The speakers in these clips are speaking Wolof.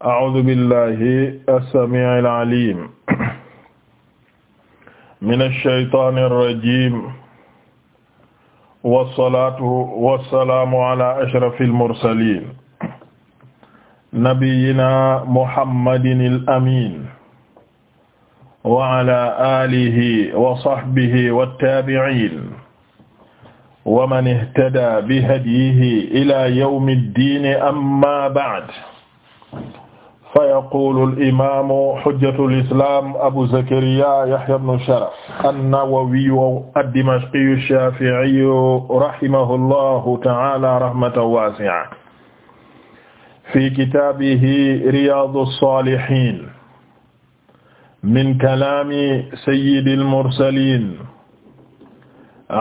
أعوذ بالله السميع العليم من الشيطان الرجيم والصلاة والسلام على أشرف المرسلين نبينا محمد الأمين وعلى آله وصحبه والتابعين ومن اهتدى بهديه إلى يوم الدين أما بعد fa yaqulu al-imaamu hujjatu al-islaam abu zakariyaa yahya ibnu sharaf an-nawawiyu ad-dimashqiyu ash-shaafi'iyu rahimahullahu ta'aala rahmatan waasi'atan fi kitaabihi riyaadu as-saalihiin min kalaami sayyidi al-mursaliin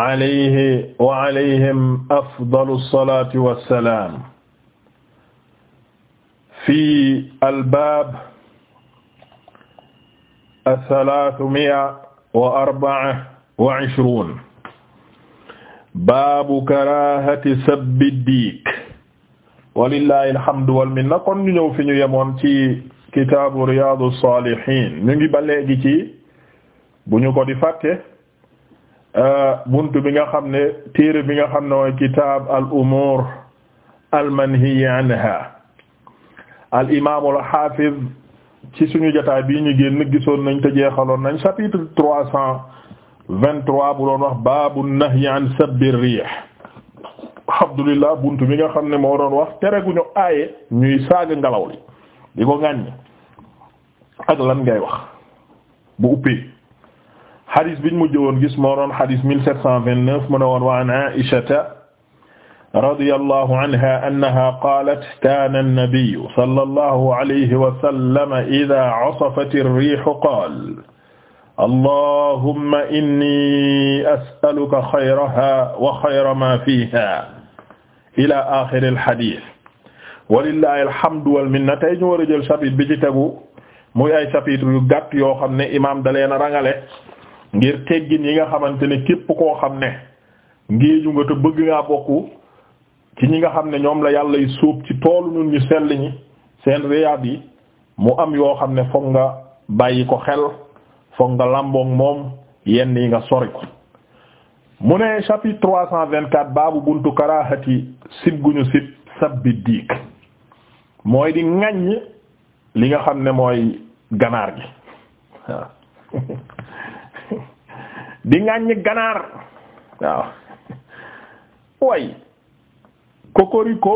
alayhi wa alayhim afdalu as-salaatu was-salaam fi albaab asalaatumia wa arbaa wa ishruun baabu karaahati sabbi diik walillahi alhamdu wal minna kon ñu ñëw fi ñu yemoon ci kitaabu riyaadu saalihiin ñu ngi ba léegi ci bu ñu ko di fàtte euh, buntu bi nga xam ne téere bi nga xam ne mooy kitaab al umuur al manhiyi anha al imaamul ci suñu jotaay bii ñu génn gisoon nañ te jeexaloon nañ chapitre trois cent vingt-trois bu doon wax baabu nahyi an sabbi riih alhamdulillah buntu bi nga xam ne moo doon wax tere gu ñu aaye ñuy saaga ngelaw li di ko ŋàññ ak lan ngay wax bu uppee xadis biñ mujj woon gis moo doon xadis mille sept cent vingt-neuf mu ne woon wa an Aïshata radiyallahu anha annaha qaalat kaana nabiyyu sallallahu alayhi wa sallam idaa asafat ar-riihu qaala allahumma inni as'aluka xayraha wa xayra maa fiihaa ilaa aaxiri al-hadiis walillaahi alhamdu wal minna tey ñu war a jël chapitre bi ci tegu muy ay chapitre yu gàtt yoo xam ne imaam da leen a rangale ngir teggin yi nga xamante ne képp koo xam ne ngéeju nga te bëgg ngaa bokk ci ñi nga xam ne ñoom la yàlla y sóob ci toolu ñun ñu sell ñi seen riyaad yi mu am yoo xam ne foog nga bàyyi ko xel foog nga làmboog moom yenn yi nga sori ko mu ne chapitre trois cent vingt-quatre baabu buntu karahati sib guñu sib sabbi diik mooy di ŋaññ li nga xam ne mooy ganaar gi di ŋaññ ganaar waaw way kokoriko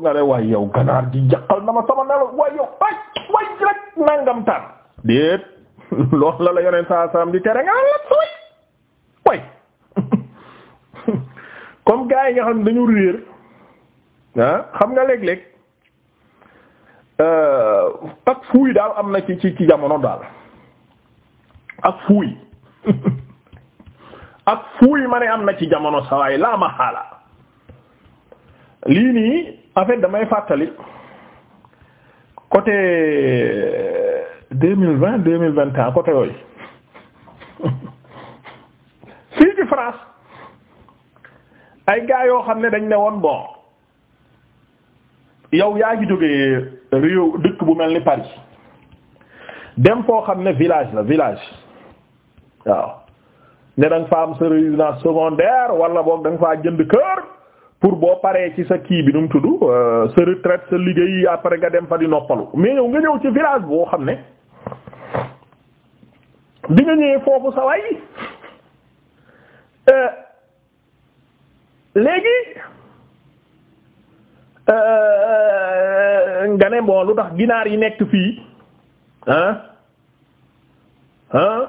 nga ne waay yow ganaar di jaqal na sama nelaw waay yow ay rek nangam taan déet loolu la la yoneen saa saam di tere nga la way way comme gars yi nga xam ne dañu réer ah, xam nga léeg-léeg euh, ak fuuy daal am na ci ci ci jamono daal ak fuuy ak fuuy ma ne am na ci jamono sawaay laa ma xaala lii nii en damay fàttali côté euh, deux mille vingt deux mille vingt et un côté yooyu fii ci France ay gars yoo xam ne dañ ne woon bon yow yaa ngi jógee réew dëkk bu mel ni Paris dem foo xam ne village la village waaw ne da nga fa am sa résidence secondaire wala boog da faa jënd kër. pour boo paree ci sa kii bi nu mu tudd euh, sa retraite sa liggéey après nga dem fa di noppalu mais ñëw nga ñëw ci village boo xam ne bi nga ñëwee foofu sa way euh, léegi euh, nga ne bon lu tax ginaar yi nekk fii ah ah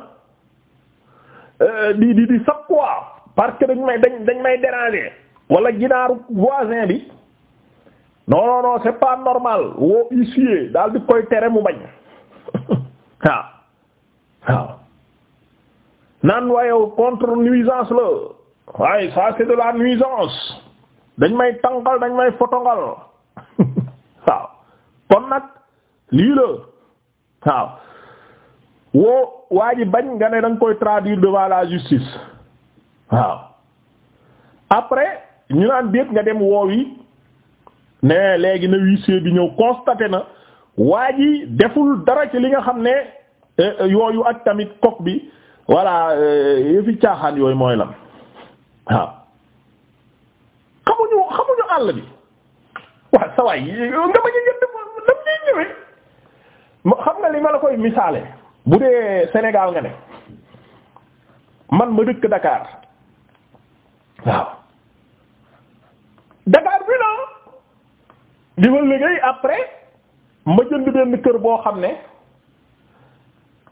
di di di sax quoi parce que dañ may dañ dañ may déranger. wala ginaaru voisin bi non non non c'est pas normal woo huissier daal di koy tere mu bañ waaw waaw naan waaye contre nuisance la waaye ça de la nuisance dañ may tànqal dañ may fotongal waaw kon nag lii la waaw woo waa bañ nga ne da koy traduire devant la justice waaw après ñu naan déet nga dem woowi ne léegi na huissier bi ñëw constaté na waa ji deful dara ci li nga xam ne eh, eh, yooyu ak tamit coq bi voilà eh, yëfi caaxaan yooyu mooy lan waaw xamuñu xamuñu àll bi waaw sa nga ma ñu yënd dam ñuy ñëwee nga bu dee Sénégal nga ne man ma dëkk Dakar waaw Dakar bi naa di ma liggéey après ma jënd benn kër boo xam ne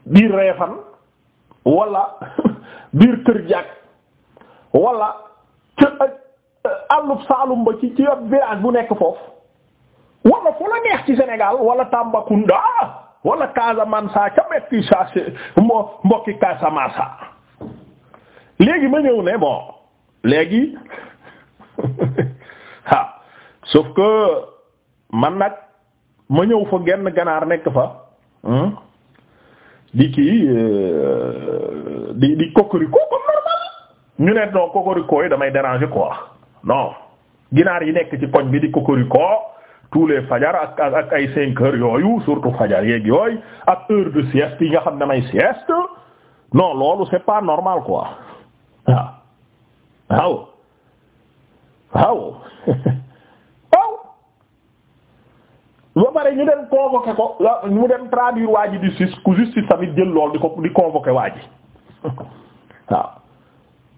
biir reefan wala biir kër jàkk walla ci euh, àllub saalum ba ci ci ab village bu nekk foofu wala fu la neex ci Sénégal walla Tambacounda wala Casamance ca metti sa mbokki Casamance léegi ma ñëw ne bon léegi sauf que man nag ma ñëw fa genn ganaar nekk fa hmm, di kii euh, di di kokoriko comme normal ñu ne non kokoriko yi damay déranger quoi non ginaar yi nekk ci koñ bi di kokoriko tous les fajar ak ak ay cinq heures yooyu surtout fajar yeeg yooyu ak heure de sieste yi nga xam ne may sieste non loolu c'est pas normal quoi ah. waaw waaw waaw ba pare ñu dem convoqué ko ñu dem traduire waa ji justice ku justice tamit jël lool di ko di convoqué waa ji waaw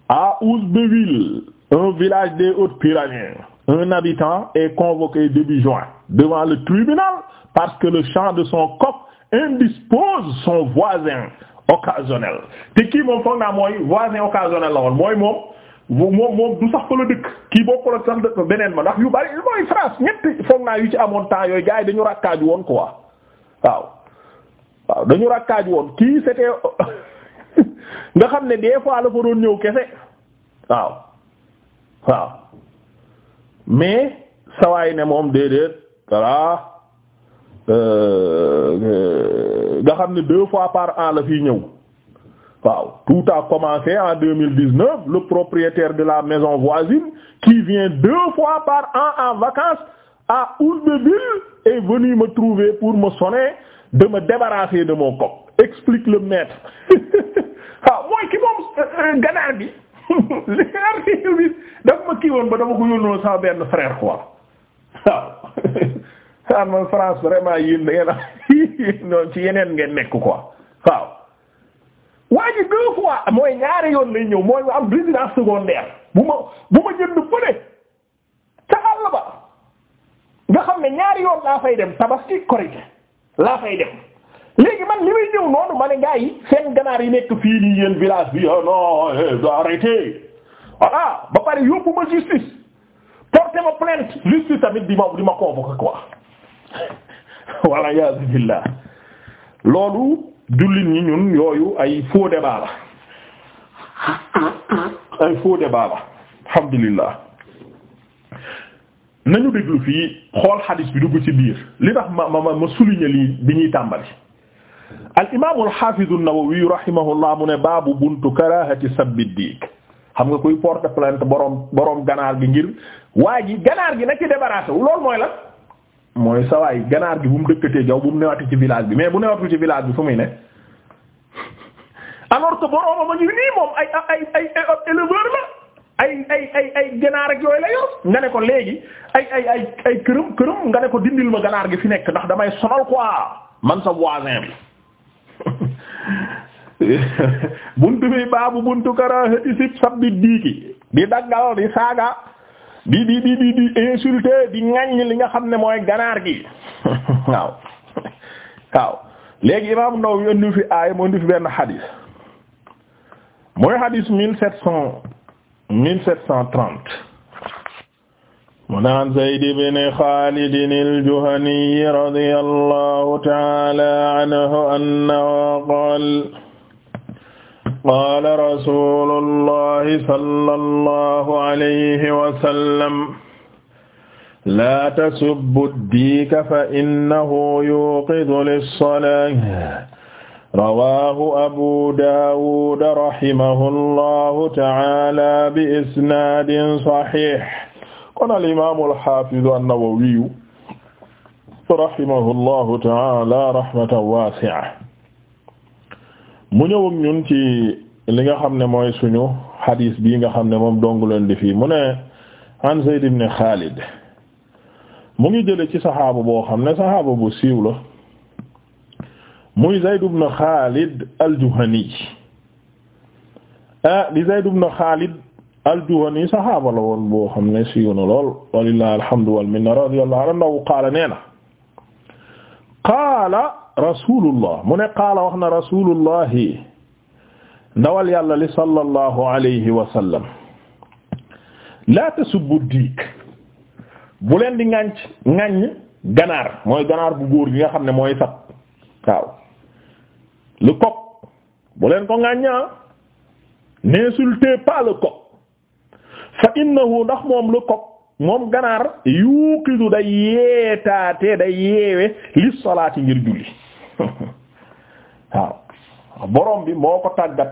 à Ouzbeville un village des Hautes-Pyrénées un habitant est convoqué début juin devant le tribunal parce que le chant de son coq indispose son voisin occasionnel te kii moom foog naa mooy voisin occasionnel la woon mooy moom moom moom du sax fa la dëkk kii bokkul ak sax dëkk beneen ma ndax yu bari mooy yu ci amoon temps yooyu gars yi dañu rakkaaju woon quoi waaw dañu rakkaaju woon kii c'était nga xam ne des fois la ñëw kese waaw waaw mais sawaay moom déedéet voilà euh, euh, xam ne deux fois par an la fiy ñëw waaw tout a commencé en 2019 le propriétaire de la maison voisine qui vient deux fois par an en vacances à Oulbeville est venu me trouver pour me sonner de me débarrasser de mon coq explique le maître waaw ah, mooy ki moom euh, euh, ganaar bi ganaar bi daf ma kii woon ba dama ko yónnoo sama benn frère quoi waaw xanaa ah, man France vraiment yéen da ngeen a ci yeneen ngeen nekk quoi waaw. waa ji mooy ñaari yoon lay ñëw mooy am résidence secondaire bu ma bu ma jënd fële ca ba nga xam ne ñaari yoon laa fay dem tabaski korite laa fay dem léegi man li noonu ma ne gaa yi seen ganaar yi nekk fii nii yéen village bi ah non eh, arrêtez voilà ba pare yóbbu ma justice porté ma plainte justice tamit di ma di ma convoquer quoi walla yaazu billah loolu. jullit ñi ñun yooyu ay faux débat la ay faux débat la alhamdulillah nañu déglu fii xool xadiis bi dugg ci biir li tax ma ma ma souligner lii bi ñuy tàmbali al imaamu al xaafizu an-Nawawi rahimahullah mu ne baabu buntu karaahati sabbi diik xam nga kuy porte plainte boroom boroom ganaar gi ngir waa ganaar gi na ci wu loolu mooy la mooy sawaay ganaar gi bu mu dëkkatee jaw bu mu newati ci village bi mais bu newatu ci village bi fu muy ne alors que boroomam a ngi nii moom ay ay ay ay ay ganaar ak yooyu la yor nga ne ko léegi ay ay ay këram këram nga ne ko dindil ma ganaar gi fi nekk ndax damay sonal quoi man sa voisin bi buntu bi baabu buntu karaahati sib sabbi diiki di daggal di saaga di di di di di insulter di ŋaññ li nga xam ne mooy ganaar gi waaw waaw léegi imaam Nawawi indi fi aaya mu indi fi benn xadis mooy xadis mille sept cent mille sept cent trente mu naan Zayd ibn Xaalid al-Juhani radiyallahu ta'ala anhu annahu qaala qaala rasuulullahi sallallahu alayhi wa sallam laa tasubbu ddiika fa innahu yuuqidu lis-salaah rawaahu abu daawuud rahimahullahu ta'aala bi isnaadin saxiix kon al-imaamul xaafidu an-nawawiyu rahimahullahu ta'aala rahmatan waasi'a mu ñëw ak ci li nga xam ne mooy suñu xadiis bi nga xam ne moom dongu leen di fii mu ne an Zayd ibn Khalid mu ngi jële ci saxaaba boo xam ne saxaaba bu siiw la muy Zayd ibn Khalid al-Juhani ah di Zayd ibn Khalid al-Juhani saxaaba la woon boo xam ne siiw na lool walillahi alhamdu wal minna radiyallahu anhu qaala nee na qaala rasulullah mu ne qaala wax na rasulullahi ndawal yàlla li sallallahu alayhi wa sallam laa tasubbu diik bu leen di ŋànc ŋàññ ganaar mooy ganaar bu góor gi nga xam ne mooy sat waaw le coq bu leen ko ŋàññaa ah, n'insultez pas le coq fa innahu ndax moom le coq moom ganaar yuqidu day yeetaate day yeewe li salaati ngir julli waaw borom bi moo ko tàggat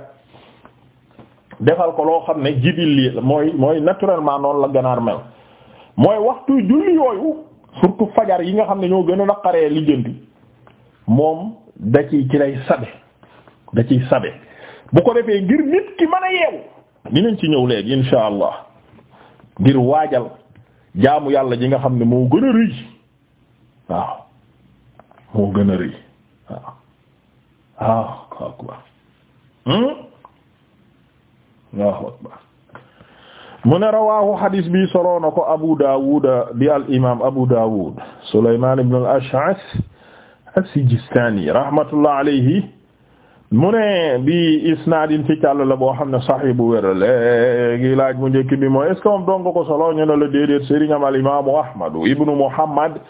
defal ko loo xam ne jibil mooy mooy naturellement noonu la ganaar mel mooy waxtu julli yooyu surtout fajar yi nga xam ne ñoo gën a naqaree bi moom da ci ci lay sabe da ciy sabe bu ko defee ngir nit ki mën a yeewu dinañ ci ñëw léegi insha allah ngir waajal jaamu yàlla ji nga xam ne moo gën a rëy waaw moo gën a rëy waaw waaw akbar hmm? Allahu akbar mu ne rawaahu xadis bi soloo na ko Abu Dawud di al imam Abu Dawud Sulaymaan ibn al-Ash'ath as-Sijistaani rahmatullah alayhi mu ne bi isnaadin ci càll la boo xam ne sahih bu wér léegi laaj mu njëkk bi mooy est ce que moom dong ko solo ñu ne la déedéet sëriñam al imaamu ahmadu ibnu muhammad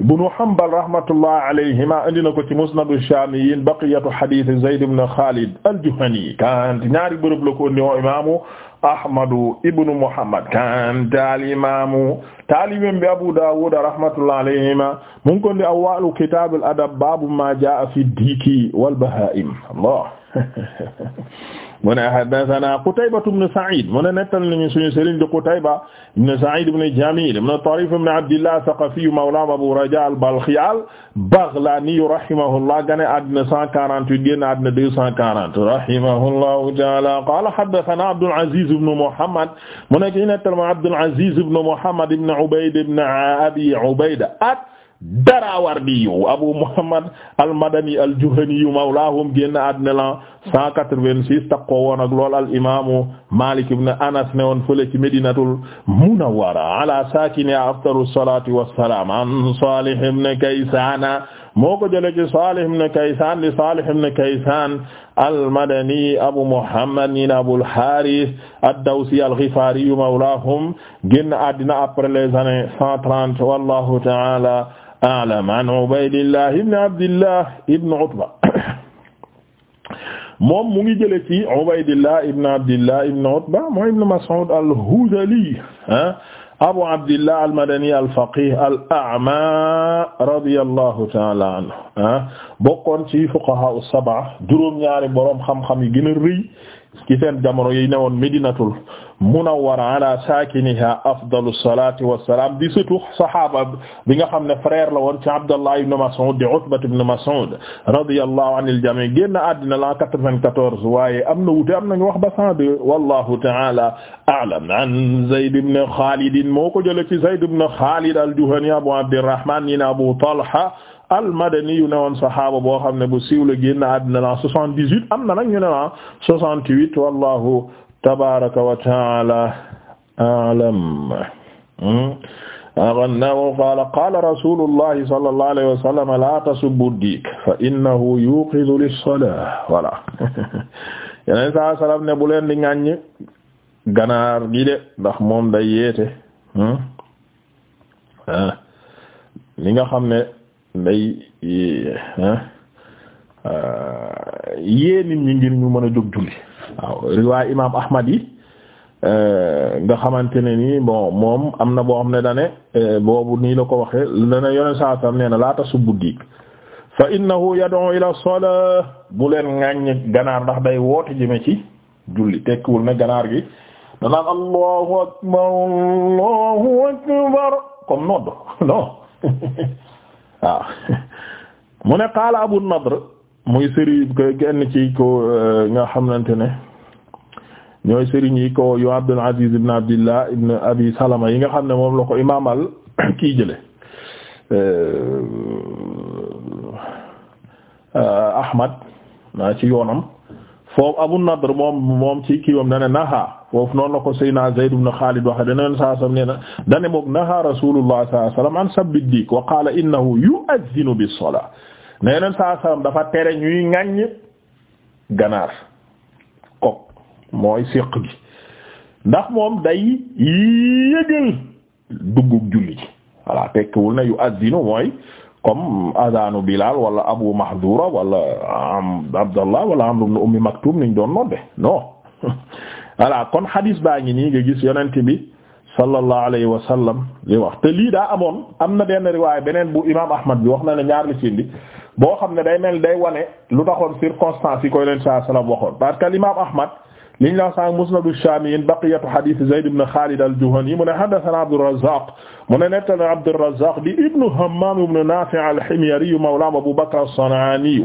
ibnu hanbal rahmatullah alayhima andi na ko ci musnadu shaamiyin baqiyatu hadith zayd ibn khalid al juhani kant ñaari bërëb la ko indi imaamu ahmadu ibnu muhammad kan taal imamu taalibin bi abu dawud rahmatullah alayhima mun ko ndi awwalu kitabul adab babu ma jaa fi diki wal bahaim allah mu ne haddathana Qutayba ibn Sa'id mu ne nettal nañu suñu sëriñ di Qutayba ibn Sa'id ibn Jamil ibn Tarif ibn Abdillah Thaqafi mawla Abu Raja al-Balkhi al-Baghlani rahimahullah gane àddina 148 génn àddina 240 rahimahullahu ta'ala qala haddathana Abdul Aziz ibn Muhammad mu ne ki nettal ma Abdul Aziz ibn Muhammad ibn Ubayd ibn Abi Ubayda Darawardi Abu Muhammad al-Madani al-Juhani mawlaahum génn àddina la 186 takkoo woon ak lool al imaamu Maalik ibn Anas ne woon fële ci Madinatul Munawwara ala saakinihaa afdalu salaati wa salaam an Saalih ibn Kaysaan moo ko jëlee ci Saalih ibn Kaysaan li Saalih ibn Kaysaan al-Madani Abu Muhammad ibn Abul Haaris ad-Dawsi al-Ghifaari mawlaahum génn àddina après les années 130 wallaahu ta'aala a'lam an Ubaydillah ibn Abdillah ibn Utba moom mu ngi jële ci Ubaydillah ibn Abdillah ibn Utba mooy ibn Mas'ud al-Hudhali Abu Abdillah al-Madani al-faqih al-a'ma radiyallahu ta'ala anhu bokkoon ci fuqaha as-sab'a juróom-ñaari boroom xam-xam yi gën a rëy ci seen jamono yi newoon Medinatul Munawwara ala saakiniha afdalu salaati wa salaam di surtout saxaaba bi nga xam ne frère la woon ci Abdallah ibn Mas'ud di Utba ibn Mas'ud radiyallahu anil jamii génn àddina la 94 waaye am na wuute am nañu wax ba cent deux wallahu ta'ala a'lam an Zayd ibn Khalid moo ko jëlee ci Zayd ibn Khalid al-Juhani Abu Abdirrahman ibn Abu Talha al-Madani yu newoon saxaaba boo xam ne bu siiw la génn huit am na nag ñu ne la soixante-huit wallahu tabaaraka wa ta'aala a'lam annahu qaala qaala rasuulullahi sallallahu alayhi wa sallam laa tasubbu diik saa salaam ne bu leen di ŋàññ ganaar gi de ndax moom day yeete hmm? ah. li nga xam ne nday euh, yée nit ñi ngir ñu mën a jóg julli waaw riwaay imam ahmad yi euh, nga xamante ne ni moom am na boo xam ne dane euh, boobu nii la ko waxe dane yoneen saa sam nee na laata subbu diig fa innahu yad'u ila salah bu leen ŋàññ ganaar ndax day woote jëme ci julli tekkiwul ne ganaar gi danaan allahu akbar allahu akbar comme nodd non waaw mu ne qaala Abu Nadr muy sëriñ kenn ci ko eh, nga xamante ne ñooy sëriñ yi ko yu Abdul Aziz ibn Abdillah ibn Abi Salama yi nga xam ne moom la ko imaamal kii jële eh, eh, Ahmad naa ci yoonam foofu Abu Nadr moom moom ci kiiwam dane naha foofu noonu la ko Seydina Zayd ibn Khalid waxe danaen saasam ne na dane moom naha Rasulullah sallallahu alayhi wasallam an sabbi diik wa qala innahu yu'adhdhinu bis-salah ne yeneen saa sallam dafa tere ñuy ŋàññ ganaar kok mooy siq gi ndax moom day yëgal duggug julli ci voilà tekkiwul na mooy comme adanu Bilal wala Abu Mahdura wala Abdallah wala Amr ibn Ummi Maktum niñ doon nodde non voilà kon hadis baa ngi nii nga gis yonent bi sallallahu alayhi wa sallam li wax te lii daa amoon am na benn riwaay beneen bu imam Ahmad bi wax na ne ñaar li ci indi boo xam ne day mel day wane lu taxoon circonstance yi koy leen saa sallam waxoon parce que l'imam Ahmad liñ la sànq musnadu shaamiyin baqiyatu hadith Zayd ibn Khalid al-Juhani mu ne haddathana Abdurrazzaq mu ne nettali Abdurrazzaq di ibnu Hammam ibnu Nafi' al-Himyari mawla Abu Bakr as-San'ani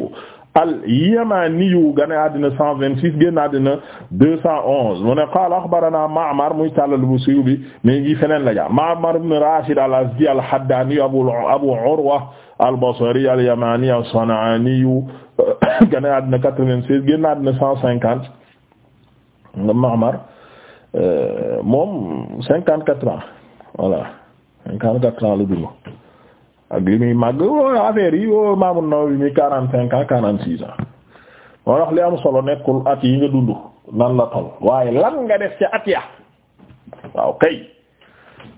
al-Yamani gane àddina 126 génn àddina 211 mu ne qaala axbaranaa Ma'mar muy tallal bu siiw bi mi ngi feneen la ja Ma'mar ibn Rashid al-Azdi al-Haddani Abu Abu Urwa al-Basri al-Yamani as-San'ani gane àddina 96 génn àddina 150 Ma'mar euh, moom cinquante quatre ans voilà cinquante quatre ans la dund ak li muy màgg oh, affaire yi o oh, Imam Nawawi mi quarante cinq quarante six ans moo tax li am solo nekkul at yi nga dund nan la toll waaye lan nga def ca at ya waaw kay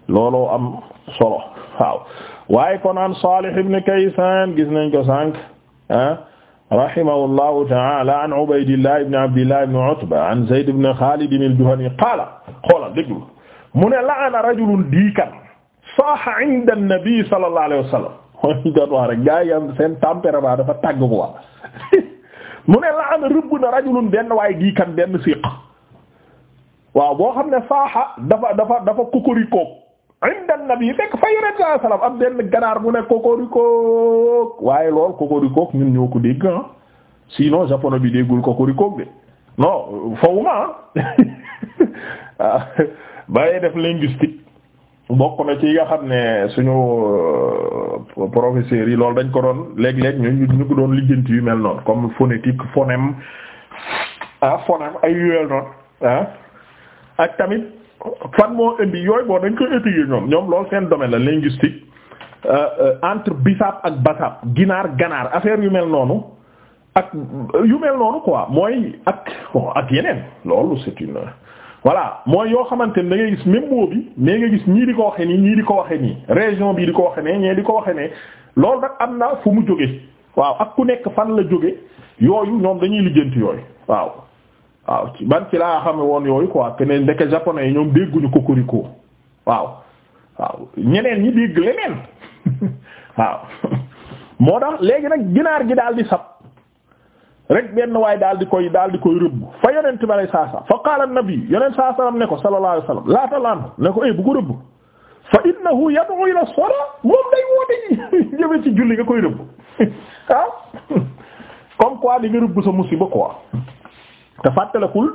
looloo am solo waaw waaye kon an Salih ibn Kaysan gis nañ ko sànq ah, rahimahullahu ta'ala an Ubaydillah ibn Abdillah ibn Utba an Zayd ibn Khalid al-Juhani qaala xoolal déglu mu ne la'ana rajulun diikan saaha inda an-nabi sallallahu alayhi wa sallam mooy doon wax rek gars yi am seen tempérament dafa tàgg ko wax mu ne la'ana rëbb na rajulun benn waaye diikan benn siq waaw boo xam ne saaha dafa dafa dafa kukurikook inda nabi fekk fa yonent saa salaam am benn ganaar bu ne kokorikook waaye lool kokorikook ñun ñoo ko dégg ah sinon japonais bi déggul kokorikook de non fawuma ah bàyyee def linguistique bokk na ci nga xam ne suñu euh, professeurs yi loolu dañ ko doon léeg-léeg ñu ñu ko doon lijjanti yu mel noon comme phonétique phonème ah phonème ay yooyu noonu ah ak tamit. fan moo indi yooyu boo dañ koy étudier ñoom ñoom loolu seen domaine la linguistique euh, euh, entre bisaab ak basaab ginaar ganaar affaire yu mel noonu ak yu mel noonu quoi mooy ak ak yeneen loolu c'est une voilà mooy yoo xamante ne da ngay gis même mot bi mais nga gis ñii di ko waxee nii ñii di ko waxee nii région bii di ko waxee ne ñee di ko waxee ne loolu nag am na fu mu jóge waaw ak ku nekk fan la jóge yooyu ñoom dañuy lijjanti yooyu waaw waaw ci ban ci laa xam woon yooyu quoi keneen ndeke japonais yi ñoom dégguñu kokoriko waaw waaw ñeneen ñi dégg leneen waaw moo tax léegi nag ginaar gi daal di sab rek benn waaye daal di koy daal di koy rëbb fa yonent ba lay saasa fa qaala nabi yonent saa sallam ne ko sallallahu alayhi wasallam laa talaan ne ko eh bu ko rëbb fa innahu yad'u ila as-salat moom day woote jëme ci julli nga koy rëbb waaw comme quoi nga rëbb sa musiba quoi te fàttalekul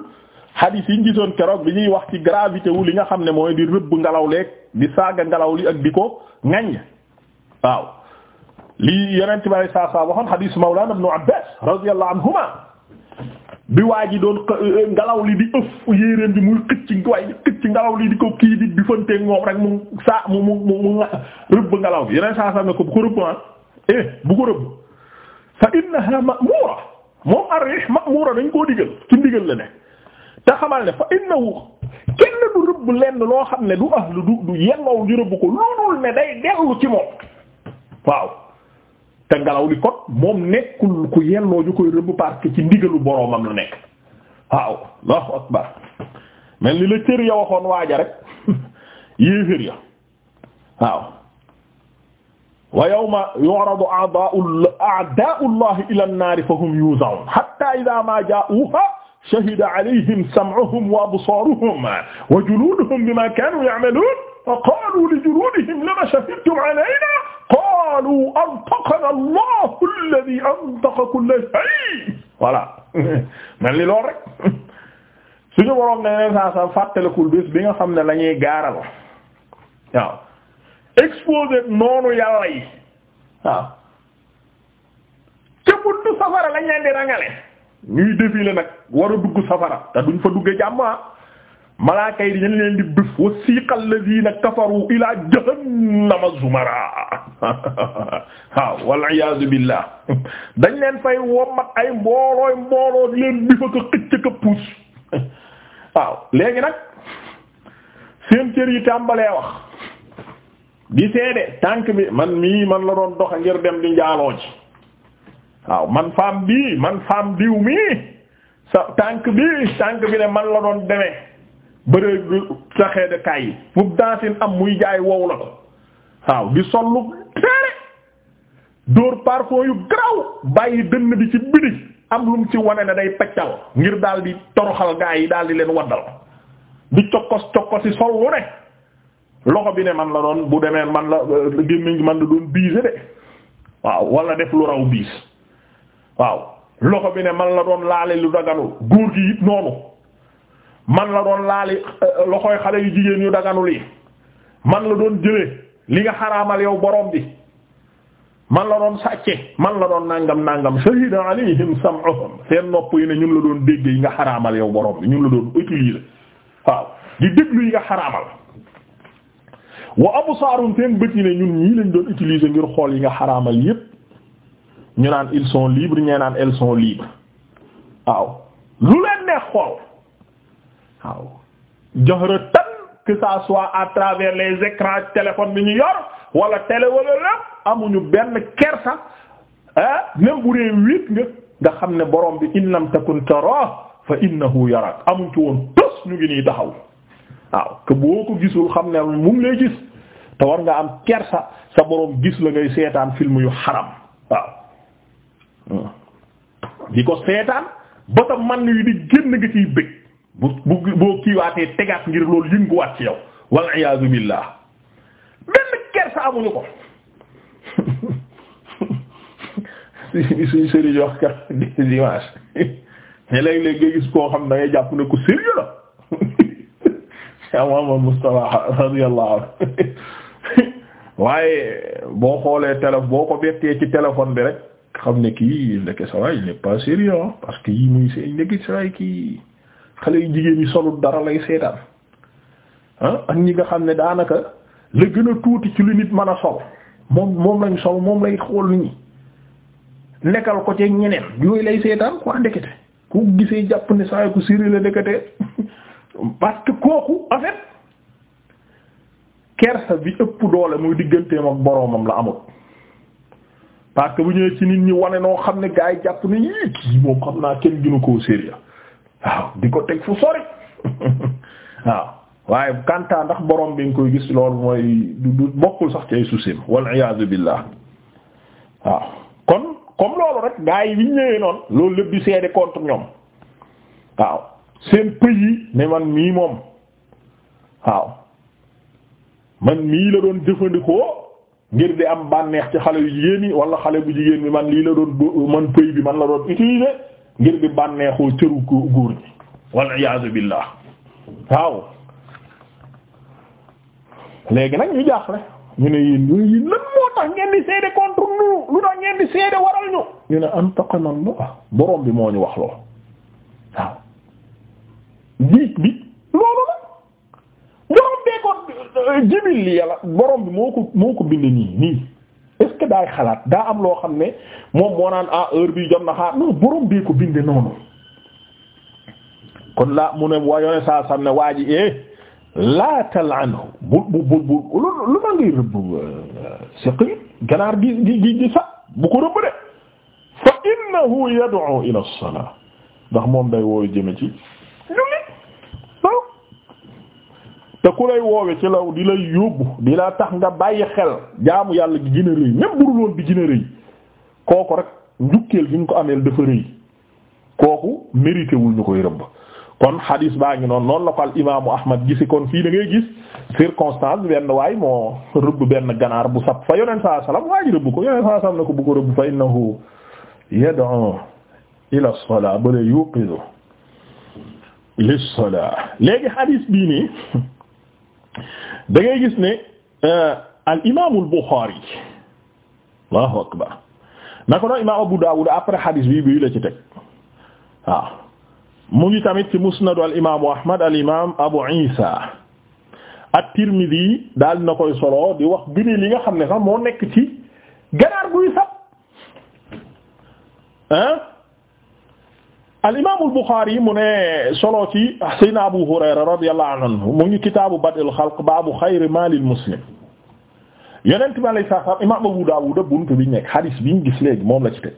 hadith yi ñu keroog bi ñuy wax ci gravité li nga xam ne mooy di rëbb ngelaw leeg di saaga ngelaw li ak di ko ŋaññ waaw. li yeneen tubaab yi saa saa waxoon hadith Mawlana Ibn Abbas radiyallahu anhuma bi waa ji doon euh, ngelaw li di ëff yéeréen bi muy xëcc waaye di xëcc li di ko kii di bifanteeg moom rek mu saa mu mu mu rëbb ngelaw bi yeneen saa saa ne ko bu ko rëbb ah eh bu ko rëbb fa innaha ma'mura moom ar-riih ma'muura dañ koo digal ci digal la ne te xamal ne fa innahu kenn du rëbb lenn loo xam ne du ahlu lu du yelloo ñu rëbb ko loolul ne day dellu ci moom waaw te ngelaw li kot moom nekkul ku yelloo ñu koy rëbb parce que ci ndigalu boroomam la nekk waaw Allahu akbar mel ni la cër ya waxoon waaja rek yéeféer ya waaw wa yawma yu'radu a'daa'u llahi ila an-naari fahum yuuza'uun hattaa idhaa maa jaa'uuhaa shahida alayhim sam'uhum wa absaaruhum wa juluuduhum bimaa kaanuu ya'maluun fa qaaluu li-juluudihim lima shahidtum 'alaynaa qaaluu antaqanaa llahu alladhii antaqa kulla shay' voilà mel ni loolu rek suñu waroon ne saa sa fàttalikul bés bi nga xam ne la ñuy gaaral waaw exposé noonu yàlla yi waaw ca safara lañ leen di rangale ñuy défilé nag war a dugg safara te duñ fa dugg jàmm ah. malaaka yi dañ leen di bif wa siqa alladhina kafaru ila jahannama zumara waaw wal iyaazu billah dañ leen fay wommat ay mboolooy mbooloo leen bifa ko xëcc puus waaw léegi nag seen cër yi tàmbalee wax di seede tànk bi man mii man la doon dox ngir dem di njaaloo ci waaw man faam bii man faam diw mii sa tànk bi tànk bi ne man la doon demee bërëb sa xeddakaay yi fub dansin am muy jaay wow la ko waaw di sollu teere dóor parfum yu graw bàyyi dënn bi ci bidi am lum ci wane ne day paccal ngir daal di toroxal gaa yi daal di leen waddal di cokkos cokkosi sollu ne loxo bi ne man la doon bu demee man la euh, gémmiñ man la doon biise de waaw wala def lu raw biis waaw loxo bi ne man la doon laale lu daganul góor gi it noonu man la doon laali euh, loxoy xale yu jigéen yu daganul yi man la doon jëlee li nga xaraamal yow boroom bi man la doon sàcce man la doon nangam nangam shahida alayhim sam'uhum seen nopp yi ne ñun la doon dégg yi nga xaraamal yow borom bi ñun la doon utiliser waaw di déglu yi nga xaraamal wa absaarum seen bët yi ne ñun ñii lañ doon utiliser ngir xool yi nga xaraamal yépp ñu naan ils sont libres ñee naan elles sont libres waaw lu leen neex xool waaw joxra tan que ça soit à travers les écrans téléphone bi ñu yor wala télé wala lépp amuñu benn kersa ah même bu nga nga xam ne borom bi in lam takun tara fa innahu yarak amuñ ci woon tos ñu ngi nii taxaw waaw que boo ko gisul xam ne mu ngi lay gis te war nga am kersa sa boroom gis la ngay seetaan film yu xaram waaw di ko seetaan ba sa man yu di génn nga ciy bëgg bu bu boo kiiwaatee tegaat ngir loolu yënguwaat ci yow wal iyaazu billaah benn kersa amuñu ko suñ sëriñ wax ka dimanche ne léeg-léeg nga gis koo xam ne dangay jàpp ne ko sérieux la Muhammad Mustafa radiyallahu anhu waaye boo xoolee téléphone boo ko bettee ci téléphone bi rek xam ne kii ndeke sa waay il n'est pas sérieux parce que yii muy seen ndeke sa kii xale yu jigéen ñi solul dara lay seetaan ah ak ñi nga xam ne daanaka la gën a tuuti ci lu nit mën a sol moom moom lañ sol moom lay xool nit nekkal ko ci ñeneen yooyu lay seetaan quoi ndekete ku gisee jàpp ne saa ku sérieux la ndekete parce kooku en fait kersa bi ëpp doole muy digganteem ak boroomam la amut parce que bu ñëwee ci nit ñi wane noo xam ne gaa yi jàpp na yii kii moom xam naa kenn gënu ko sérieux waaw di ko teg fu sori waaw waaye kantaa ndax boroom bi nga koy gis loolu mooy du bokkul sax ci ay soucis wal iyaazu billaah waaw kon comme loolu rek gaa yi bi ñu ñëwee noonu loolu lépp di seede contre ñoom waaw seen pëy yi ne man mii moom waaw man mii la doon jëfandikoo ngir di am bànneex ci xale yu jigéen yi wala xale bu jigéen bi man lii la doon man pëy bi man la doon utiliser ngir di bànneexoo cëru góor ñi wal iyaazu billaah waaw léegi nag ñu jaaxle ñu ne yéen yéen lan moo tax ngeen di seede contre lu tax ngeen di seede waral ñu ñu ne antaqana Allah borom bi moo ñu wax lool biig bi loolu la borom bee ko euh, jibil li yàlla borom bi moo ko moo nii nii est daay xalaat daa am loo xam ne moom moo naan ah heure bi jot na xaar non borom bee ko binde noonu kon laa mu ne waa yone ne waa ji eh, laa tal anhu bu bu lu na ngi rëbb euh, siq yi ganaar gi gi gi gi bu ko rëbb de fa innahu yad'u ila as ndax moom day wooyu jëme ci te ku lay woowe ci law di lay yóbbu di la tax nga bàyyi xel jaamu yàlla gi gën a rëy même bu dul bi gën rëy kooku rek njukkeel gi ñu ko ameel dafa rëy kooku mérité wul ñu koy rëbb kon hadis baa ngi noonu noonu la ko al imaamu ahmad gisi kon fii da ngay gis circonstance benn waay moo rëbb benn ganaar bu sab fa yoneen saa salaam waa rëbb ko yoneen saa salaam ne ko bu ko rëbb fa innahu yad'u ila as bale yuqidu lis-salaa léegi hadis bii da gis ni euh, al imaamul Buxaari Allahu akbar naka noonu imaam Abu Daawud après hadis bi bii la ci teg waaw mu ngi tamit ci musnadu al imam Ahmad al imaam Abu Isa at-Tirmidhi daal na koy solo di wax gënee li nga xam ne sax moo nekk ci ganaar guy sab al imaamul Buxaari mu ne solo ci Seydina Abu Hurayra radiyallahu anhu mu ngi kitaabu Bad'il Xalq baabu xayri maalil muslim yonent bi alayhi salaam imaam Abu Daawud buntu bi nekk xadiis bi ñu gis léegi moom la ci teg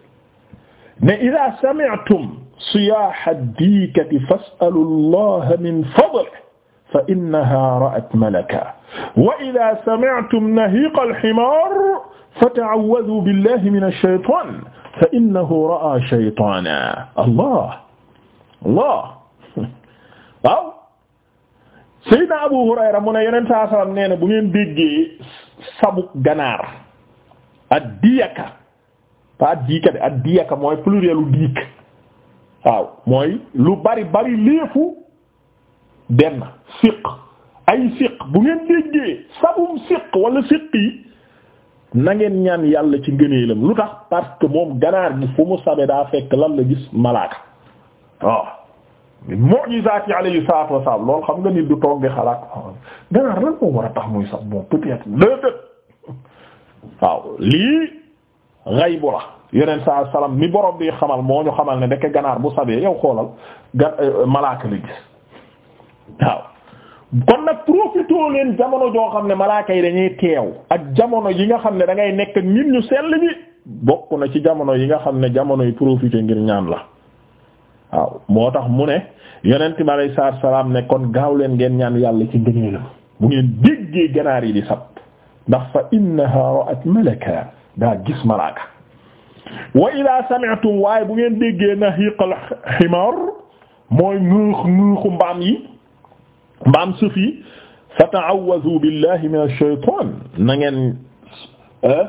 ne idaa sami'tum siyaaha diikati fas'alu llaha min fadlihi fa innahaa ra'at malakan wa idaa sami'tum nahiiqa al-himaar fata'awwadhuu billahi mina shaytaan fa innahu ra'a shaytaana allah allah waaw Seydina Abu Hurayra mu ne yeneen saa salaam nee na bu ngeen déggee sabuk ganaar ad diyaka pas diika de ad diyaka mooy plurielu diik waaw mooy lu bari bari léefu benn siq ay siq bu ngeen déggee sabum siq wala siq yi na ngeen ñaan yàlla ci ngëneelam lu tax parce que moom ganaar gi fu mu sabe daa fekk lan la gis malaaka waaw mu'jizaat yi alayhi salaatu wa salaam loolu xam nga nit du toog di xalaat muy sax bon peut-être déedéet waaw lii ghaybu la yeneen saa salaam mi borom bi xamal moo ñu xamal ne ndeke ganaar bu sabee yow xoolal ga euh, malaaka la gis waaw kon nag profité leen jamono joo xam ne malaaka yi dañuy teew ak jamono yi nga xam ne dangay ngay nekk nit ñu sell bi bokk na ci jamono yi nga xam ne jamono yi profité ngir ñaan la waaw moo tax mu ne yonent bi alayhi salaam ne kon gaaw leen ngeen ñaan yàlla ci ngëneelam bu ngeen déggee ganaar yi di sab ndax fa innaha ra'at malaka daa gis malaaka wa ila sami'tum waaye bu ngeen déggee nahiqal himaar mooy nuux nuuxu mbaam yi mbaam suuf yi fata'awwazu billahi minash shaytaan na ngeen euh,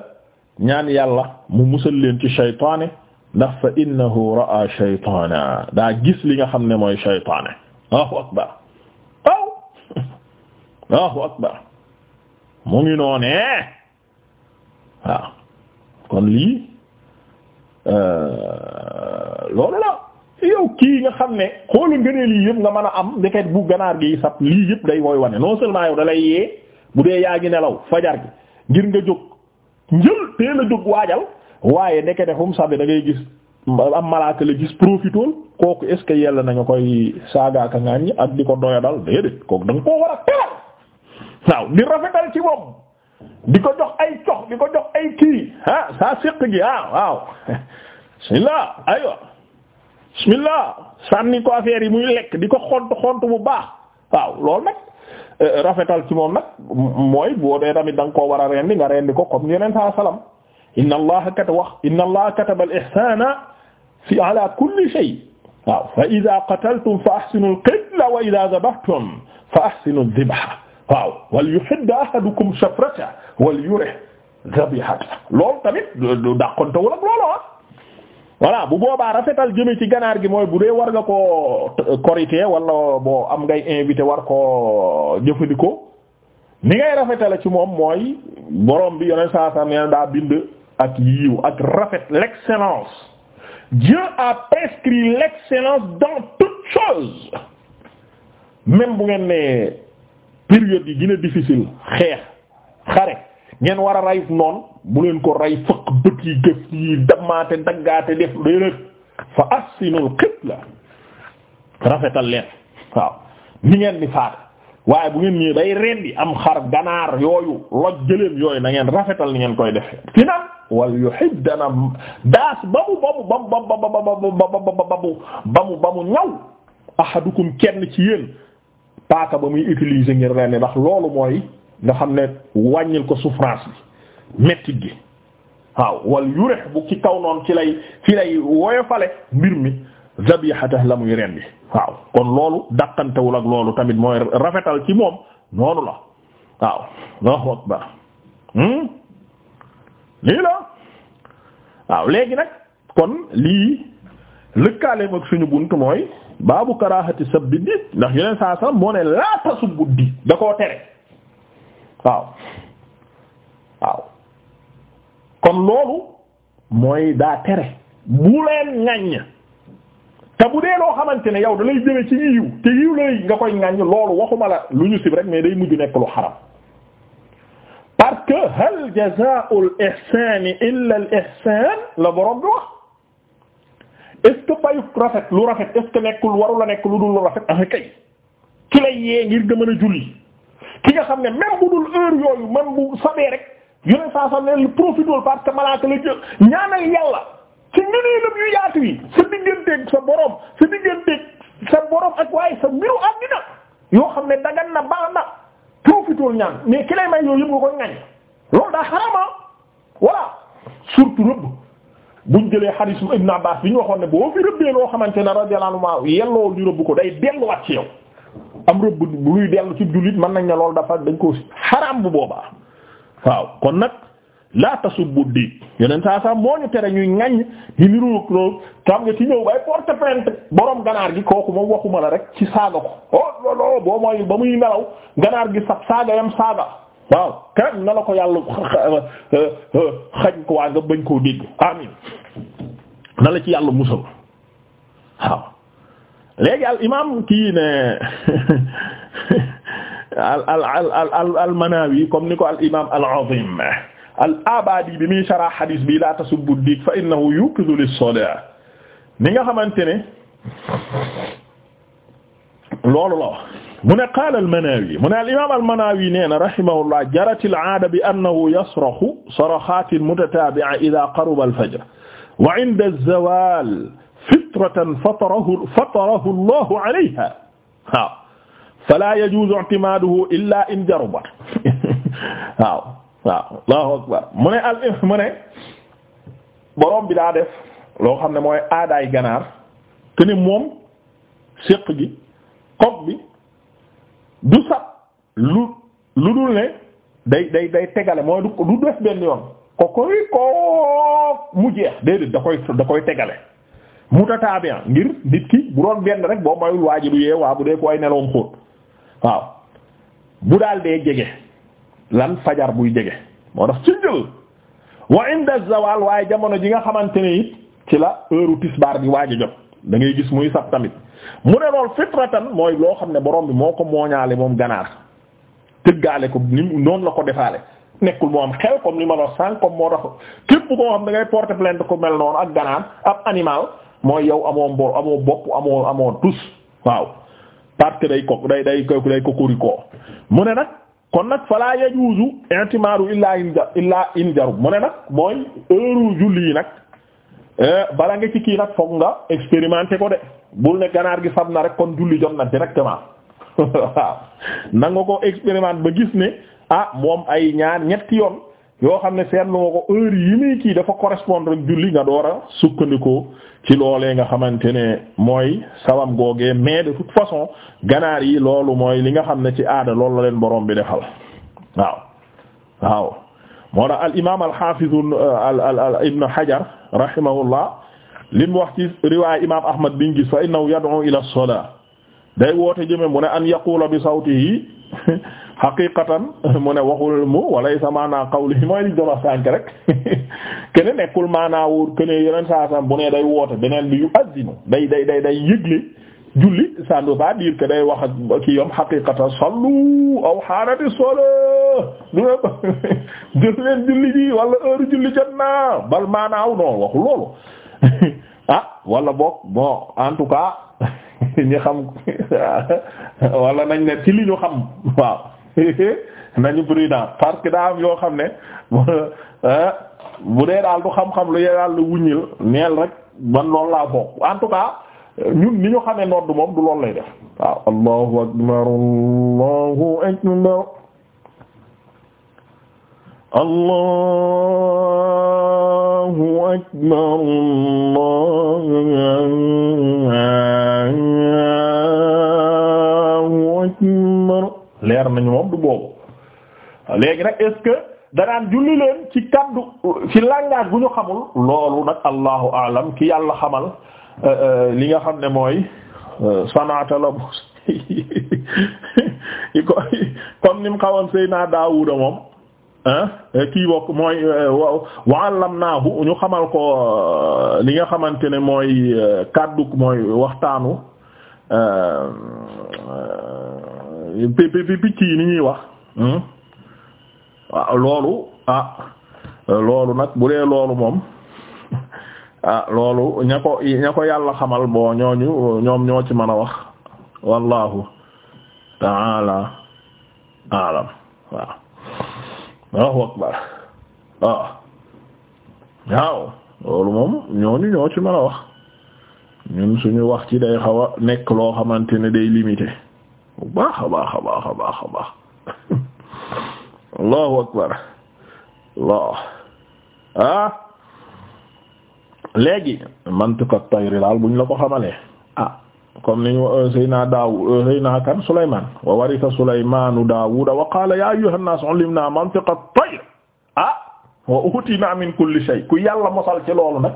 ñaan yàlla mu musal leen ci shaytaane ndax fa innahu ra'a shaytaana daa gis li nga xam ne mooy shaytaane Allahu akbar aw Allahu akbar mu ngi noonee waaw kon lii euh, loolu la yow kii nga xam ne xoolu ngëneel yi yëpp nga man a am ndeket bu ganaar gi sab lii yëpp day koy wane non seulement yow dalay yee bu dee yaa ngi nelaw fajar gi ngir nga jóg njël teel a jóg waajal waaye ndekete xum sabi da ngay gis am malaaka la gis profitool kooku est ce que yella nañu koy saagaaka ngaaññi ak di ko doya dal déedéet kooku da koo war a teral waaw di rafetal ci moom di ko jox ay cox di ko jox ay kii ah saa séq gi ah waaw sila aywa bismillah sànni ko affaire yi muy lekk di ko xont xont bu baax waaw loolu nag eh, rafetal ci moom nag mooy boo dee tamit da nga koo war a rendi nga rendi ko comme yeneen saa salaam inna allaha kat wax inna allaha kataba al ihsana fi ala kulli shay waaw fa idha qataltum fa ahsinu al qitla wa idha dhabhtum fa ahsinu al dhibha waaw wal yuhidd ahadukum shafratahu wal yurih dhabihatahu loolu tamit du dàqontewul ak loolu ah. voilà bu boobaa rafetal jëme ci ganaar gi mooy bu dee war nga koo korité wala boo am ngay invité war koo jëfandikoo ni ngay rafetale ci moom mooy borom bi yoneen saa saa neen daa bind ak yiw ak rafet l'excellence Dieu a prescrit l'excellence dans toutes choses même bu ngeen ne période yi gën a xeex xare ngeen war a rayut noonu bu leen ko ray fëq bët yi gëf yi damaate daggaate def déedéet fa assinul qibla rafetal leen waaw ni ngeen di faat waaye bu ngeen ñëwee day rendi am xar ganaar yooyu loj jëleen yooyu na ngeen rafetal ni ngeen koy defee fi naan wal yuhib dana daas ba mu ba ba mu mu ba mu ba mu ñaw ahadukum kenn ci yéen paaka ba muy utiliser ngir rendi ndax loolu mooy nga xam ne wàññil ko souffrance bi mettit gi waaw wal yurex bu ci kaw noonu ci lay ci lay woyofale mbir mi zabihata la muy rendi waaw kon loolu dàqantewul ak loolu tamit mooy rafetal ci moom noonu la waaw hmm? lii la waaw léegi nag kon lii lëkkaaleem ak suñu bunt mooy baabu karahati sabbi diit ndax yeneen saa saa moo ne laa tasubbu diit da koo tere waaw waaw kon loolu mooy daa tere bu leen ŋaññ te bu dee loo xamante ne yow da lay jëme ci yiw te yiw lay nga koy ŋaññ loolu waxuma la lu ñu sib rek mais day mujj nekk lu xaram parce que hal jazaa'u al ihsaan illa al ihsaan la borom bi wax est que payu rafet lu rafet est ce que nekkul waru la nekk lu dul lu rafet ah kay ci yee ngir nga mën a julli ki nga xam ne même bu dul heure yooyu même bu sabee rek yeneen saa sam ne lu profitool parce que malaaka la jël ñaanal yàlla ci ngëneelam yu yaatu yi sa digganteeg sa borom sa digganteeg sa borom ak waaye sa mbiru àddina yoo xam ne dagan na baax na profitool ñaan mais ki lay may yooyu yëpp nga koy ŋañ loolu daa xarama ah voilà surtout rëbb buñ jëlee xaris ibn Abbas bi ñu waxoon ne boo fi rëbbee loo xamante ne radiyallahu anhu yelloo ñu rëbb ko day delluwaat ci yow am rëbb bu luy dellu ci jullit mën nañ ne loolu dafa dañ ko xaraam bu boobaa waaw kon nag laa bu diin yeneen saa saa moo ñu tere ñuy ŋaññ di niru loolu xam nga ci ñëw bay porte plainte ganaar gi kooku moom waxuma la rek ci saaga ko oh looloo mooy ba muy nelaw ganaar gi sax saaga yam saaga waaw kenn na la ko yàlla xañ ko waa nga bañ koo dégg amin na la ci yàlla musal waaw léegi al imaam kii ne al al al al al Manawi comme ni ko al imaam al azim al abadi bi muy sarah hadis bi la tasubbu dik fa innahu yuqidu lis-salah ni nga xamante ne loolu la mu ne qaala al-Manawi mu ne al-imaam al-Manawi nee na rahimahullah jarat al-aada bi annahu yasraxu saraxaatin mutataabi'a idha qaruba al-fajr wa 'inda az-zawal fitratan fatarahu fatarahu Allahu alayha waaw fala yajuzu i'timaduhu illa in jarubat waaw waaw Allahu akbar mu ne al mu ne borom bi daa def loo xam ne mooy aadaay ganaar que ne moom séq gi koog bi du sab lu lu dul ne day day day tegale mooy du du def benn yoon ko koy ko mu jeex déedéet da koy da koy tegale mutataabi'an ngir nit ki bu doon benn rek boo mayul waa ji du yee waa bu dee ko ay nelawam xóot waaw bu daal dee jege lan fajar buy jege moo tax ci njël wa inda zawal waaye jamono ji nga xamante ne it ci la heure tisbaar bi waaj jot da ngay gis muy sab tamit mu ne lool fitratan mooy loo xam ne borom bi moo ko mooñaale moom ganaar tëggaale ko ni noonu la ko defaale nekkul moo am xel comme ni ma la comme moo tax képp koo xam da ngay porter ko mel noonu ak ganaar ab mooy yow amoo mboor amoo bopp amoo amoo tus waaw parce que day ko day day day kokorikoo mu ne nag kon nag fala yajuuzu intiment illaa in illaa in jarub mu ne nag mooy heure julli yi nag eh, bala nga ci kii nag foog nga expérimenter ko de bul ne ganaar gi fab na rek kon julli jot na directement waaw na nga ko expérimenter ba gis ne a ah, moom ay ñaar ñetti yoon yoo xam ne seetlu nga ko heure yi muy kii dafa correspondre ak julli nga door a sukkandikoo ci loolee nga xamante ne mooy sawam googee mais de toute façon ganaar yi loolu mooy li nga xam ne ci aada loolu la leen boroom bi defal waaw waaw moo tax al imaam al xaafiz al al ibn Hajar rahimahullah lim wax ci riwaay imaam Ahmad bin gis fa innahu yad'u ila as day woote jëme mu ne an yaqula bi sawtihi haqiqatan mu ne waxul mu walaysa maana qawlihi mooy liñ doon rek kene nekkul maanaa kene yeneen saa sam bu ne day woote beneen bi yu azzinu day day day day yëgle julli ça ne veut pas dire que day wax ak ki yom haqiqatan sallu aw xaarati solo du ne jël leen julli ji wala heure julli jot na bal maanaaw noonu waxul loolu ah wala boog bon en tout cas ñi xam wala nañ ne ci li ñu xam waaw nañu prudent parce que daa am yoo xam ne ah bu dee daal du xam-xam lu yàlla wuññil neel rek man loolu laa bokk en tout cas ñun ni ñu xamee nodd moom du loolu lay def waaw allahu akbar allahu allah Allahu leer nañu moom du boobu léegi nag est-ce danaan julli leen ci kaddu ci langage bu ñu xamul loolu nag allahu alam ki yàlla xamal euh, euh, li nga xam ne mooy euh, sanaata la bu comme ni mu xawoon Seydina Daawuda moom kii bokk mooy euh, wa allamnaahu ñu xamal ko euh, li nga xamante ne mooy euh, kàddu mooy waxtaanu picc yi ni ñuy wax hmm? waaw loolu ah loolu nag bu dee loolu moom ah loolu ña ko ña ko yàlla xamal boo ñooñu ñoom ñoo ci mën a wax wallahu taala alam waaw waaw akbar waaw ah. waaw loolu moom ñooñu ñoo ci mën a wax ñun suñu wax ci day xaw a nekk loo xamante ne day limité bu baax a baax a baax allahu akbar allah ah léegi mantuka tayri bu ñu la ko xamalee ah comme ni euh, Seydina Daawu euh, Seydina kan Souleymane wa warisa Souleymanu Daawuda wa qaala yaa ayyuhan naas ullimnaa mantiqa tayr ah wa uutiinaa min kulli shay ku yàlla mosal ci loolu nag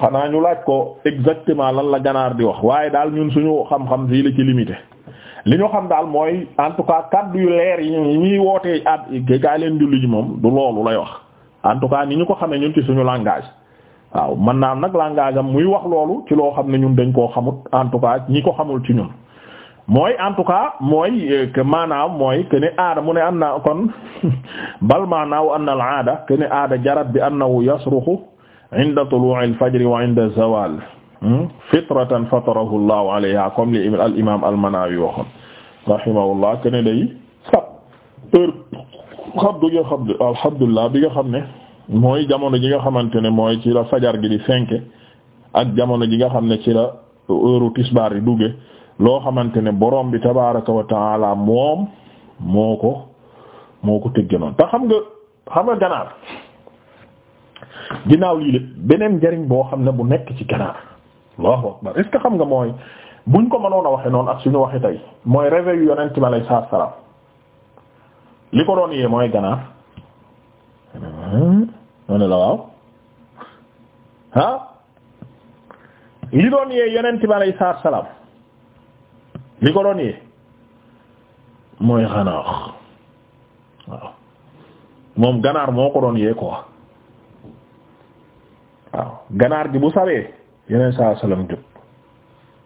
xanaa ñu laaj ko exactement lan la ganaar di wax waaye daal ñun suñu xam-xam fii la ci limité. li ñu xam daal mooy en tout cas kaddu yu leer yi ñuy wootee at yi leen julli ji moom du loolu lay wax en tout cas ni ñu ko xamee ñun ci suñu langage. waaw man naa nag langage am muy wax loolu ci loo xam ne ñun dañ koo xamut en ñi ko xamul ci ñun mooy en tout cas mooy euh, que maanaam mooy que ne aada mu ne am na kon bal maanaaw anna al aada que aada jarab bi annahu yasruxu inda tulu'i al wa inda zawal hmm, fitratan fatarahu llahu alayha comme li al imam al manawi waxoon rahimahullah day sab heure xabdu nga xam ne alhamdulillah bi nga xam ne mooy jamono ji nga xamante ne mooy ci la fajar gi di fenke ak jamono ji nga xam ne ci la heure tisbaar yi dugge loo xamante ne boroom bi tabaaraka wa taala moom moo ko moo ko tëgge noonu te xam nga xam nga ganaar ginnaaw lii lépp beneen njariñ boo xam ne bu nekk ci ganaar Allahu akbar est xam nga mooy buñ ko mënoon a waxe noonu ak suñu waxe tey mooy réveil yu yonent bi alayhi salaam li ko doon yee mooy ganaar ma la waaw ah li doon yee yonent bi alayhi salaatu salaam li ko doon yee mooy ganaar waaw moom ganaar moo ko doon yee quoi waaw ganaar gi bu sawee yeneen saa salaam jóg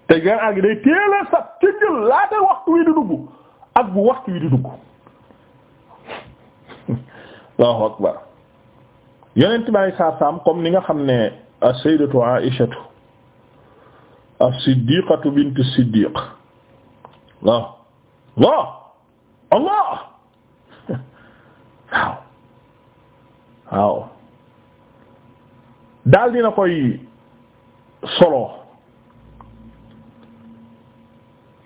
te ganaar gi day teel a sab ci jël laata waxtu wi di dugg ak bu waxtu wi di dugg Allahu akbar yonent bi saa saam comme ni nga xam ne as-sayyidatu Aïshatu as-siddiqatu bint as-siddiq waaw waaw Allah waaw waaw daal dina koy solo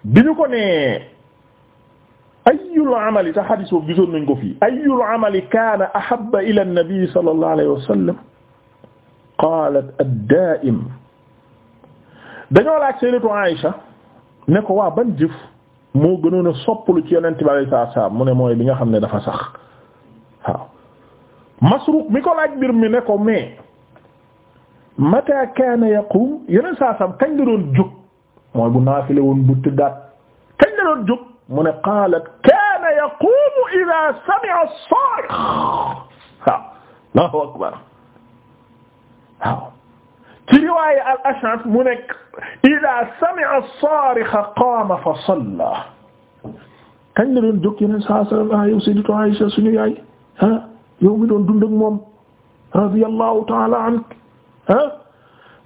bi ñu ko nee ayul amali te xadis boobu gisoon nañ ko fii ayul amali kaana ahabba ila nabi sallallahu alayhi wa sallam qaalat ad-daa'im dañoo laaj sayyidatu Aïcha ne ko waa ban jëf moo gënoon a soppalu ci yonent bi alayhi salaam mu ne mooy bi nga xam ne dafa sax waaw Masruq mi ko laaj mbir mi ne ko mais mata kaana yaqum yeneen saa saam kañ la doon jóg mooy bu naafile woon bu tëddaat kañ la doon jóg. mu ne qaalat kaana yaqumu idaa sami'a as-saarix waaw Allahu akbar waaw ci riwaaya al-Ash'ath mu ne idaa sami'a as-saarix qaama fa sallaa kañ la doon jóg yeneen saa salaam yow Sayyidatu Aïsha suñu yaay ah yow mi doon dund ak moom radiyallahu ta'ala anka ah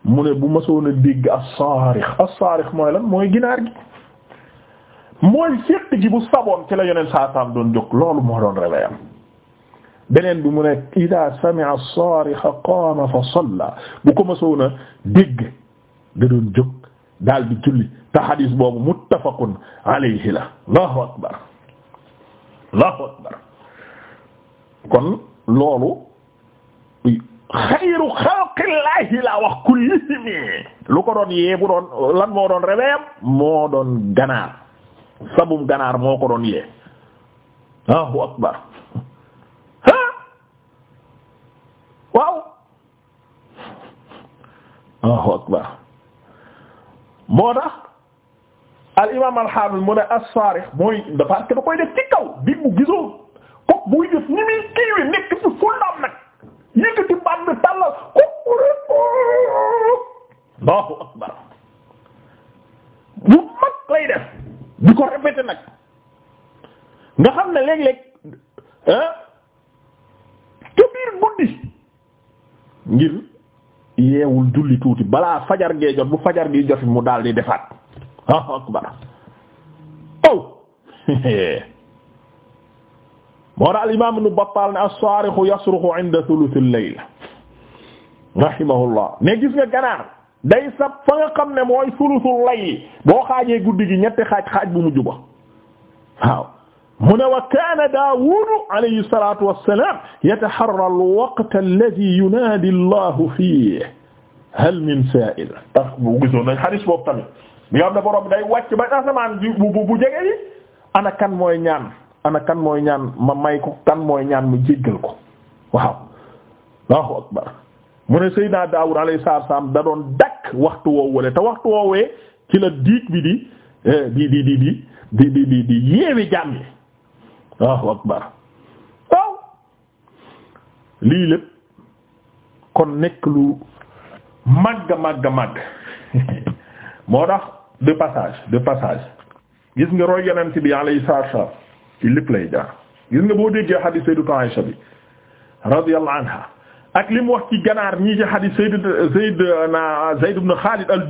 mu ne bu ma soona dégg as-saarix as-saarix mooy lan mooy ginaar gi mooy séq gi bu saboon ci la saa saam doon jóg loolu moo doon réveil beneen bi mu ne ida sami'a as-sariha qaama fa salla bu ko masoon da doon jóg daal di julli te xadis boobu muttafaqun alayhi la allahu akbar allahu akbar kon loolu xayru xalqillahi la wax kullihimi lu ko doon yee bu doon moo doon réveil moo doon ganaar sabum ganaar moo ko doon yee Allahu akbar ha waaw Allahu akbar moo tax al imaam al mu ne as-saarix mooy parce que da koy def ci kaw bi mu gisoo kook buy def ni muy kiiwe nekk ci fullaam nag yëkkati baat bi tàllal kook Allahu akbar bu mag lay def di ko répété nag nga xam na léeg-léeg te biir guddi ngir yeewul julli tuuti balaa fajar gee jot bu fajar gi jot mu daal di defaat ah akbar aw moo daal imaam Ibn Battal ne as-saarixu yasruxu inda thuluthil layl rahimahullah ne gis nga ganaar day sab fa xam ne mooy sulusul layli boo xaajee guddi gi ñetti xaaj xaaj bu mujj ba waaw mu ne wa kaana daawudu alayhi salaatu wassalaam yataharra alwaqta alladi yunaadi allahu fiihi hal min saa'il tax bu gisoon nañ xaris boobu tamit bi nga ne borom day wàcc ba asamaan bu bu jege yi ana kan mooy ñaan ana kan mooy ñaan ma may ko kan mooy ñaan mu jéggal ko waaw allahu akbar mu ne Seydina Daawud alayhi salaam da doon dakk waxtu woowule te waxtu woowee ci la diig bi di eh, di di di di di yeewi jàmm waaw akbar waaw lii lépp kon nekk lu màgg màgg màgg moo tax de passage de passage gis nga roy yonent bi boo déggee hadiis Sayyidatu Aisha anha ak li mu wax ci ganaar ñii ci xadis Sayyid Zayd na Zayd ibn Khalid al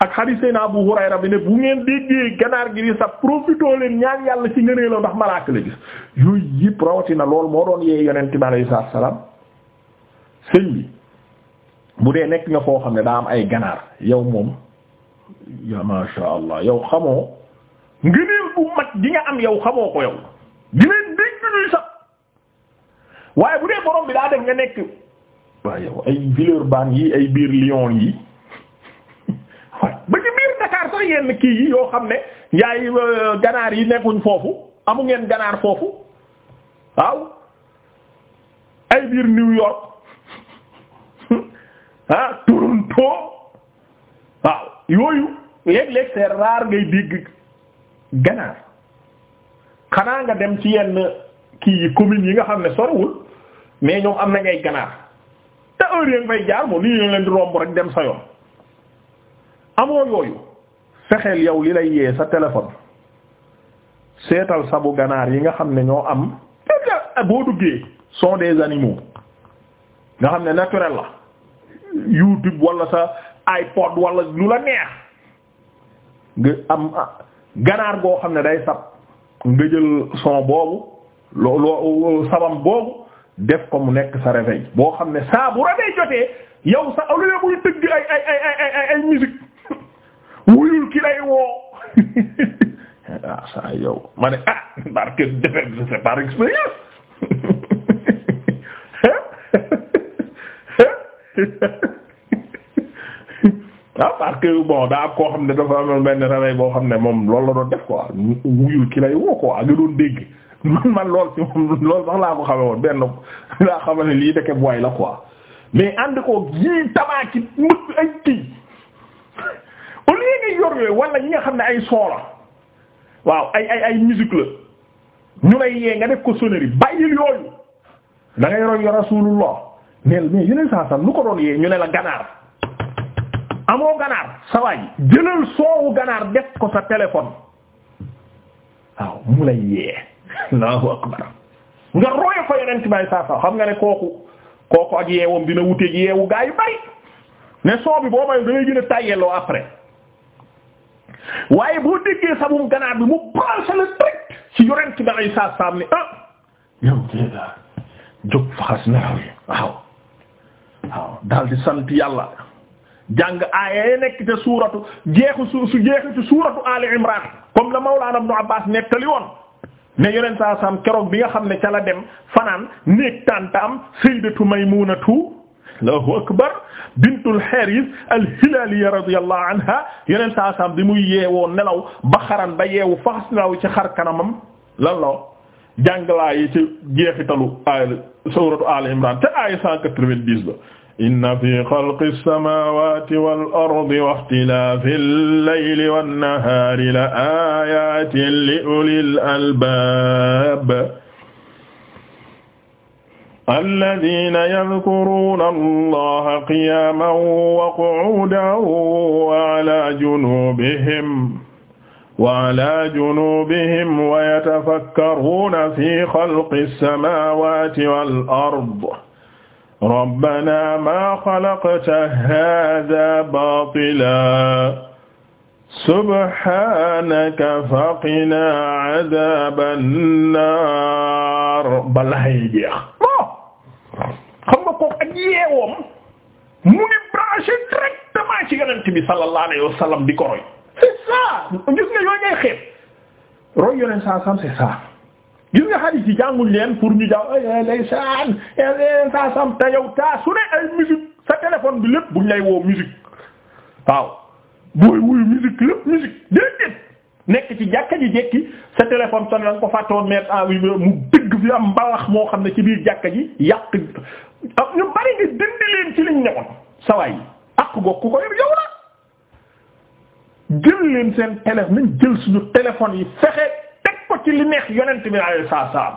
ak xadis Sayyidina Abu Hurayra bi ne bu ngeen déggee ganaar gi di sax profitoo leen ñaan yàlla ci ngënee la ndax malaaka la gis yooyu yëpp rawatina lool moo doon yee yonent bi alayhi salaam sëñ bi bu dee nekk nga foo xam ne daa am ay ganaar yow moom ya ma sha Allah yow xamoo ngëneel bu mag gi nga am yow xamoo ko yow waaye bu dee borom bi daa def nga nekk waaye yow ay Villeurbanne yi ay biir Lyon yi ba ci biir Dakar sax yenn kii yi yoo xam ne yaay euh, ganaar yi nekkuñ foofu amu ngeen ganaar foofu waaw ay biir New York ah Toronto waaw yooyu léeg-léeg c'est rare ngay dégg ganaar xanaa nga dem ci yenn kii yi communes yi nga xam ne sorewul mais ñoom am na ngay ganaar te heure yéen fay jaar moom lii yéen leen di romb rek dem sa yoon amoo yooyu fexeel yow li lay yee sa téléphone seetal sabu ganaar yi nga xam ne ñoo am ah, boo duggee sont des animaux nga xam ne naturel la YouTube wala sa iPod wala lu la neex nga am ah, ganaar goo xam ne day sab nga jël son boobu loo loo sabam boobu def ko mu nekk sa réveil boo xam ne saa bu réveil jotee yow sa au lieu muy tëgg ay ay ay ay wuyul ki lay woo ah saa yow ma ne ah parce que je sais par expérience ah parce que daa am koo xam ne dafa amoon benn réveil boo xam ne moom loolu la doon def quoi wuyul ki lay woo quoi nga doon dégg. man man lool si moom loolu sax laa ko xame woon benn laa xama lii deke boy la quoi mais ànd koo yii tabaaki mbëkk ay nga wala ñi nga xam ne ay soola waaw ay ay ay la ñu lay yee nga def ko sonnerie bàyyil yooyu da ngay roy ya rasulullah neel mais yeneen saa sam lu ko doon yee ñu ne la ganaar amoo ganaar sawaay jëlal soowu ganaar def ko sa téléphone waaw mu lay yee allahu akbar nga royo ko yeneen ci bàyyi saa saa xam nga ne kooku kooku ak yeewam dina wuteeg yeewu gaa yu bari ne soo bi boo may dangay gën a tàyyeloo après waaye boo déggee sabum ganaar bi mu branché le direct ci yonent ci bàyyi saa saa ni ah yow kii daal jóg faxas nelaw yi waaw waaw daal di sant yàlla jàng aaya nekk te suuratu jeexu su su jeexu ci suuratu Ali Imran comme la Mawlana Ibn Abbas nettali woon ne yeneen saa saam keroog bi nga xam ne ca dem fanaan néeg tàntaam sayyidatu Maymunatu Allahu akbar bintul Harith al-Hilaliya radiyallahu anha yeneen saa saam bi muy yeewoo nelaw ba xaran ba yeewu faxas nelaw ci xar kanamam lan la jàngalaay yi ci jeexitalu aaya suuratu Al Imran te aaya 190 ba inna fi xalqi samaawaati wal ardi wa ixtilaafil layli wan nahaari la aayaatin li ulil albaab allaziina yazkuruuna Allaaha qiyaaman wa qu'uudan wa alaa junuubihim wa alaa junuubihim wa yatafakkaruuna fi xalqi samaawaati wal ardi rabbana ma xalaqta hada batila subhanaka faqina adaban nar balaay jeex bon xam nga kooku ak yeewoom mu ngi branché directement ci yonent bi sallallahu alayhi wa sallam di ko roy c'est ça gis nga yooyu ngay xeet roy yonent saa sam c'est ça gis nga xadis yi jànguñ leen pour ñu jàng ay saa sam te su ne ay musique sa téléphone bi lépp buñ lay woo musique waaw booy wuyu musique lépp musique déedéet nekk ci jàkka ji jekki sa téléphone sonné da nga ko fàtte woon ah, mu dëgg fi am mbalax moo xam ne ci biir jàkka ji yàq ah, ñu bari nga dindi leen ci liñ ñëwoon sawaay yi ak goog ku ko yor yow la jël leen seen téléphone yi fexe teg ko ci li neex yonent bi alayhi salaam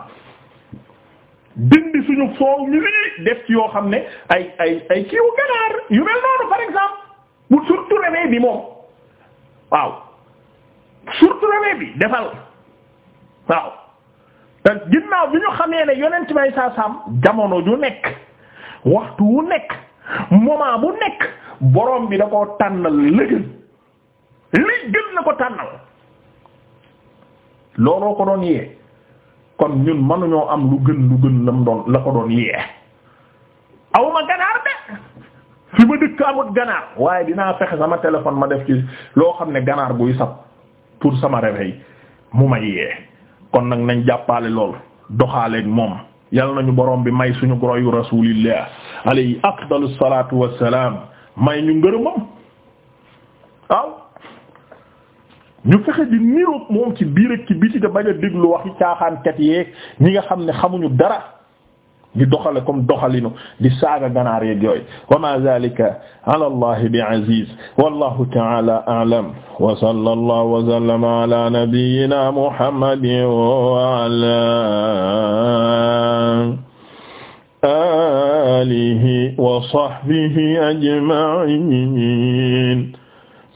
dindi suñu foow ñu lii def ci yoo xam ne ay ay ay kiiwu ganaar yu mel noonu par exemple bu surtout réveil bi moom waaw surtout réveil bi defal waaw ginnaaw bi ñu xamee ne yonent bi alayhi salaam jamono ju nekk waxtu wu nekk moment bu nekk borom bi da ko tànnal lëgën li gën na ko tànnal looloo ko doon yee kon ñun mënuñoo am lu gën lu gën lam doon la ko doon yee awma ganaar de fi ma dëkk amut ganaar waaye dinaa fexe sama téléphone ma def ci loo xam ne ganaar guy sab pour sama réveil mu may yee kon nag nañ jàppale lool doxaaleeg moom yal nañu borom bi may suñu goroyu rasulillah alayhi afdalu salatu wassalam may ñu ngërëmam waaw ñu fexe di niroog moom ci biir ak ci biti te bañ a déglu waxi caaxaankat yeeg ñi nga xam ne xamuñu dara di doxale comme doxalinu di saaga ganaar yeeg yooyu wa ma zalika ala allah aziz wallahu ta'ala a'lam wa sallallahu wa sallama ala nabiyyina muhammadin wa ala alihi wa sahbihi ajma'in